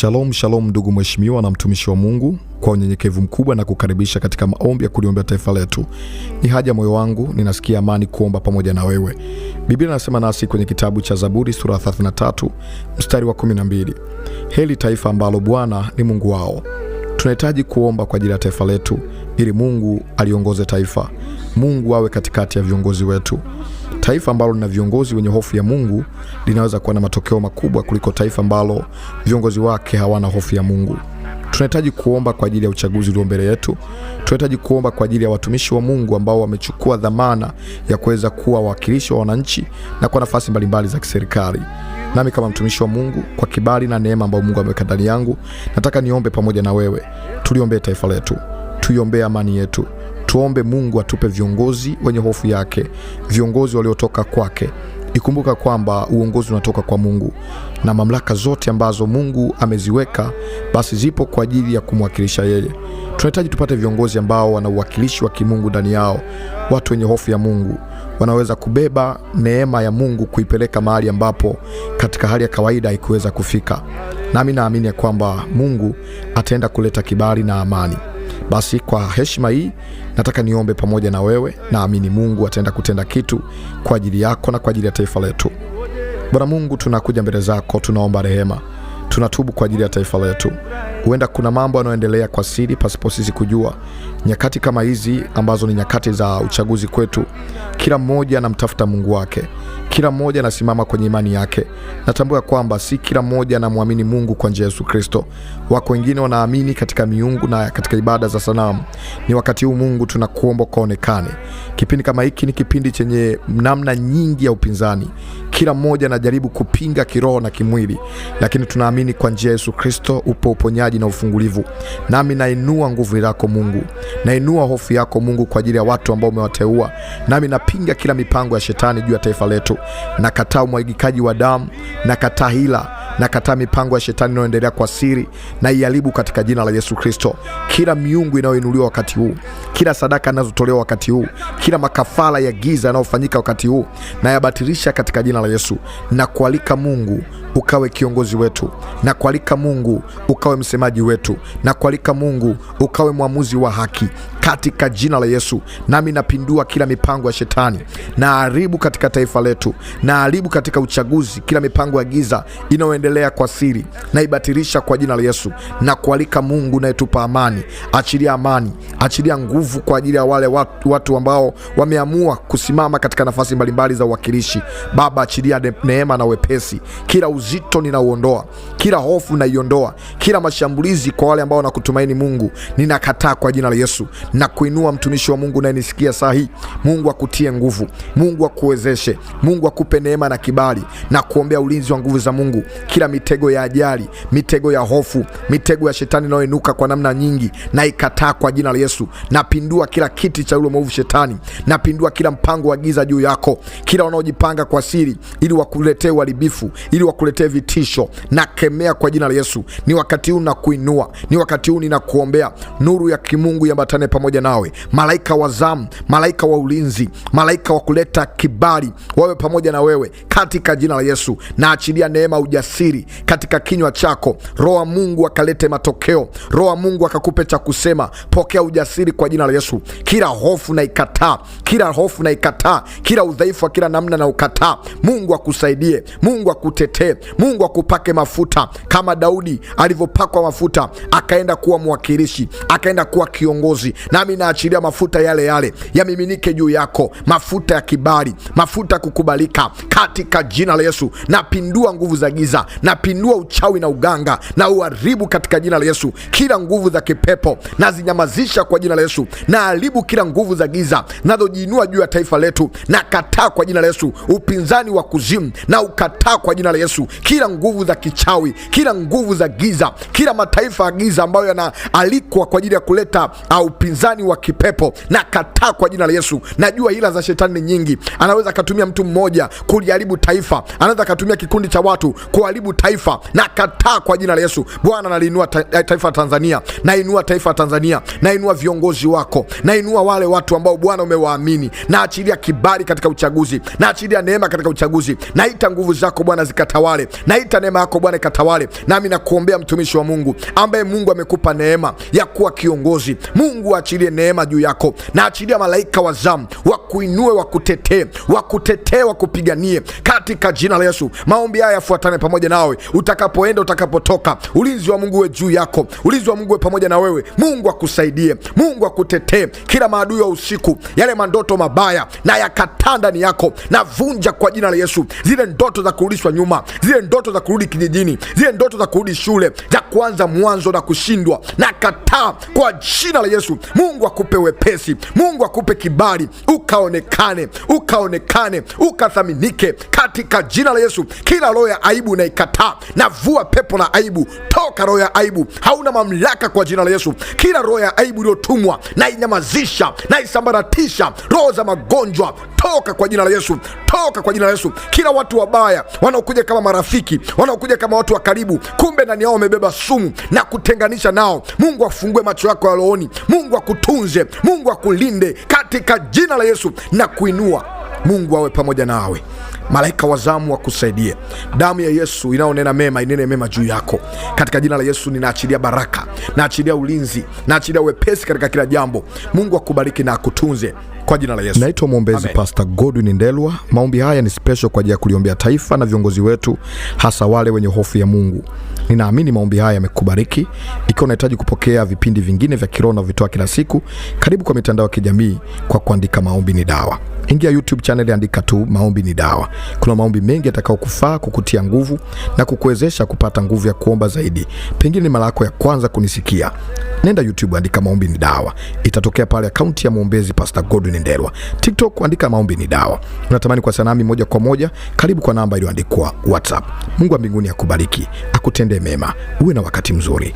Shalom, shalom ndugu mheshimiwa na mtumishi wa Mungu, kwa unyenyekevu mkubwa na kukaribisha katika maombi ya kuliombea taifa letu. Ni haja moyo wangu, ninasikia amani kuomba pamoja na wewe. Biblia inasema nasi kwenye kitabu cha Zaburi sura 33 mstari wa 12, heli taifa ambalo Bwana ni Mungu wao. Tunahitaji kuomba kwa ajili ya taifa letu ili Mungu aliongoze taifa, Mungu awe katikati ya viongozi wetu. Taifa ambalo lina viongozi wenye hofu ya Mungu linaweza kuwa na matokeo makubwa kuliko taifa ambalo viongozi wake hawana hofu ya Mungu. Tunahitaji kuomba kwa ajili ya uchaguzi ulio mbele yetu. Tunahitaji kuomba kwa ajili ya watumishi wa Mungu ambao wamechukua dhamana ya kuweza kuwa wawakilishi wa wananchi na kwa nafasi mbalimbali za kiserikali. Nami kama mtumishi wa Mungu, kwa kibali na neema ambayo Mungu ameweka ndani yangu, nataka niombe pamoja na wewe. Tuliombee taifa letu, tuiombee amani yetu, Tuombe Mungu atupe viongozi wenye hofu yake, viongozi waliotoka kwake. Ikumbuka kwamba uongozi unatoka kwa Mungu na mamlaka zote ambazo Mungu ameziweka basi zipo kwa ajili ya kumwakilisha yeye. Tunahitaji tupate viongozi ambao wana uwakilishi wa kimungu ndani yao, watu wenye hofu ya Mungu, wanaweza kubeba neema ya Mungu kuipeleka mahali ambapo katika hali ya kawaida haikuweza kufika. Nami naamini ya kwamba Mungu ataenda kuleta kibali na amani. Basi kwa heshima hii nataka niombe pamoja na wewe, naamini Mungu ataenda kutenda kitu kwa ajili yako na kwa ajili ya taifa letu. Bwana Mungu, tunakuja mbele zako, tunaomba rehema Tunatubu kwa ajili ya taifa letu. Huenda kuna mambo yanayoendelea kwa siri pasipo sisi kujua. Nyakati kama hizi ambazo ni nyakati za uchaguzi kwetu, kila mmoja anamtafuta Mungu wake, kila mmoja anasimama kwenye imani yake. Natambua kwamba si kila mmoja anamwamini Mungu kwa njia ya Yesu Kristo. Wako wengine wanaamini katika miungu na katika ibada za sanamu. Ni wakati huu, Mungu tunakuomba kaonekane. Kipindi kama hiki ni kipindi chenye namna nyingi ya upinzani, kila mmoja anajaribu kupinga kiroho na kimwili, lakini tunaamini Naamini kwa njia ya Yesu Kristo upo uponyaji na ufungulivu, nami nainua nguvu yako Mungu, nainua hofu yako Mungu kwa ajili ya watu ambao umewateua, nami napinga kila mipango ya shetani juu ya taifa letu. Nakataa umwagikaji wa damu, nakataa hila nakataa mipango ya shetani inayoendelea kwa siri na iharibu katika jina la Yesu Kristo. Kila miungu inayoinuliwa wakati huu, kila sadaka inazotolewa wakati huu, kila makafala ya giza yanayofanyika wakati huu, nayabatilisha katika jina la Yesu na kualika Mungu ukawe kiongozi wetu, na kualika Mungu ukawe msemaji wetu, na kualika Mungu ukawe mwamuzi wa haki katika jina la Yesu. Nami napindua kila mipango ya shetani, na haribu katika taifa letu, na haribu katika uchaguzi kila mipango ya giza inayoendelea kwa siri, naibatilisha kwa jina la Yesu, na kualika Mungu nayetupa amani. Achilia amani, achilia nguvu kwa ajili ya wale watu, watu ambao wameamua kusimama katika nafasi mbalimbali za uwakilishi. Baba, achilia neema na wepesi kila uzito ninauondoa, kila hofu naiondoa kila mashambulizi kwa wale ambao wanakutumaini Mungu ninakataa kwa jina la Yesu na kuinua mtumishi wa Mungu nayenisikia saa hii. Mungu akutie nguvu, Mungu akuwezeshe, Mungu akupe neema na kibali, na kuombea ulinzi wa nguvu za Mungu, kila mitego ya ajali, mitego ya hofu, mitego ya shetani inayoinuka kwa namna nyingi, naikataa kwa jina la Yesu. Napindua kila kiti cha yule mwovu shetani, napindua kila mpango wa giza juu yako, kila wanaojipanga kwa siri ili wakuletee uharibifu ili wakuletee ninakuletea vitisho na kemea kwa jina la Yesu. Ni wakati huu nakuinua, ni wakati huu ninakuombea, nuru ya kimungu iambatane pamoja nawe, malaika wa zamu, malaika wa ulinzi, malaika wa kuleta kibali wawe pamoja na wewe katika jina la Yesu. Naachilia neema, ujasiri katika kinywa chako, Roho Mungu akalete matokeo, Roho Mungu akakupe cha kusema. Pokea ujasiri kwa jina la Yesu. Kila hofu na ikataa, kila hofu na ikataa, kila udhaifu wa kila namna na ukataa. Mungu akusaidie, Mungu akutetee, Mungu akupake mafuta kama Daudi alivyopakwa mafuta, akaenda kuwa mwakilishi, akaenda kuwa kiongozi. Nami naachilia mafuta yale yale yamiminike juu yako, mafuta ya kibali, mafuta ya kukubalika, katika jina la Yesu. Napindua nguvu za giza, napindua uchawi na uganga na uharibu katika jina la Yesu. Kila nguvu za kipepo nazinyamazisha kwa jina la Yesu, naharibu kila nguvu za giza nazojiinua juu ya taifa letu, nakataa kwa jina la Yesu. Upinzani wa kuzimu na ukataa kwa jina la Yesu kila nguvu za kichawi, kila nguvu za giza, kila mataifa ya giza ambayo yanaalikwa kwa ajili ya kuleta ah, upinzani wa kipepo, na kataa kwa jina la Yesu. Najua hila za shetani ni nyingi, anaweza akatumia mtu mmoja kuliharibu taifa, anaweza akatumia kikundi cha watu kuharibu taifa, na kataa kwa jina la Yesu. Bwana, naliinua eh, taifa la Tanzania, nainua taifa la Tanzania, nainua viongozi wako, nainua wale watu ambao Bwana umewaamini, naachilia kibali katika uchaguzi, naachilia neema katika uchaguzi, naita nguvu zako Bwana zikatawale katawale. Naita neema yako Bwana ikatawale, nami nakuombea mtumishi wa Mungu ambaye Mungu amekupa neema ya kuwa kiongozi. Mungu aachilie neema juu yako, na malaika wa zamu wakuinue, wakutetee, wakutetee, wakupiganie katika jina la Yesu. Maombi haya yafuatane pamoja nawe utakapoenda, utakapotoka. Ulinzi wa Mungu we juu yako, ulinzi wa Mungu we pamoja na wewe. Mungu akusaidie, Mungu akutetee kila maadui wa usiku, yale mandoto mabaya na yakataa ndani yako, na vunja kwa jina la Yesu zile ndoto za kurudishwa nyuma, zile ndoto za kurudi kijijini, zile ndoto za kurudi shule, za kuanza mwanzo na kushindwa, na kataa kwa jina la Yesu. Mungu akupe wepesi, Mungu akupe kibali, ukaonekane, ukaonekane, ukathaminike katika jina la Yesu. Kila roho ya aibu naikataa, navua pepo na aibu, toka roho ya aibu, hauna mamlaka kwa jina la Yesu. Kila roho ya aibu iliyotumwa nainyamazisha, naisambaratisha. Roho za magonjwa toka kwa jina la Yesu, toka kwa jina la Yesu. Kila watu wabaya wanaokuja kama mara marafiki wanaokuja kama watu wa karibu, kumbe ndani yao wamebeba sumu na kutenganisha nao. Mungu afungue macho yako ya rohoni, Mungu akutunze, Mungu akulinde katika jina la Yesu na kuinua. Mungu awe pamoja nawe, malaika wa wakusaidie. Damu ya Yesu inayonena mema inene mema juu yako katika jina la Yesu. Ninaachilia baraka, naachilia ulinzi, naachilia wepesi katika kila jambo. Mungu akubariki na akutunze kwa jina la Yesu. Naitwa mwombezi Pastor Godwin Ndelwa. Maombi haya ni special kwa ajili ya kuliombea taifa na viongozi wetu, hasa wale wenye hofu ya Mungu. Ninaamini maombi haya yamekubariki. Ikiwa unahitaji kupokea vipindi vingine vya kiroho na vitoa kila siku, karibu kwa mitandao ya kijamii kwa kuandika maombi ni dawa. Ingia YouTube channel, andika tu maombi ni dawa. Kuna maombi mengi yatakao kufaa kukutia nguvu na kukuwezesha kupata nguvu ya kuomba zaidi. Pengine ni mara yako ya kwanza kunisikia, nenda YouTube andika maombi ni dawa, itatokea pale akaunti ya mwombezi Pastor Godwin Ndelwa. TikTok andika maombi ni dawa. Unatamani kwa sanami moja kwa moja, karibu kwa namba iliyoandikwa WhatsApp. Mungu wa mbinguni akubariki, akutende mema, uwe na wakati mzuri.